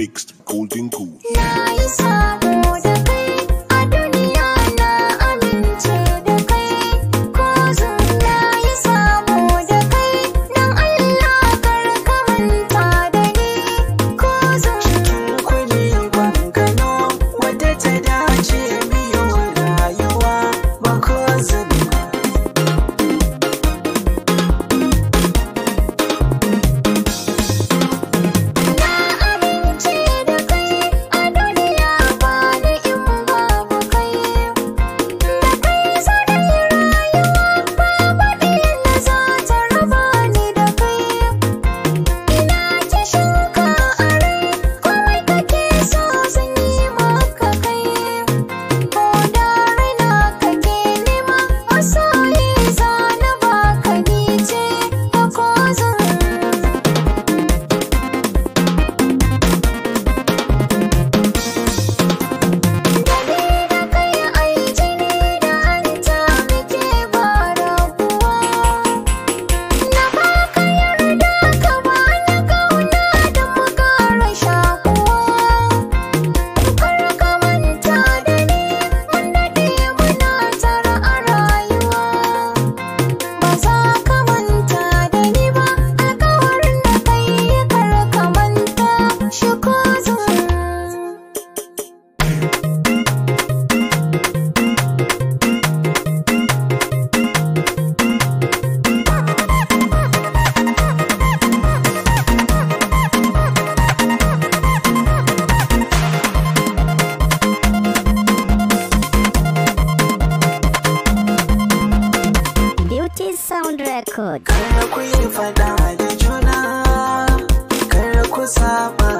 mixed golden goose. Nice. record. Kar ku yi fada da juna, kar ku saba.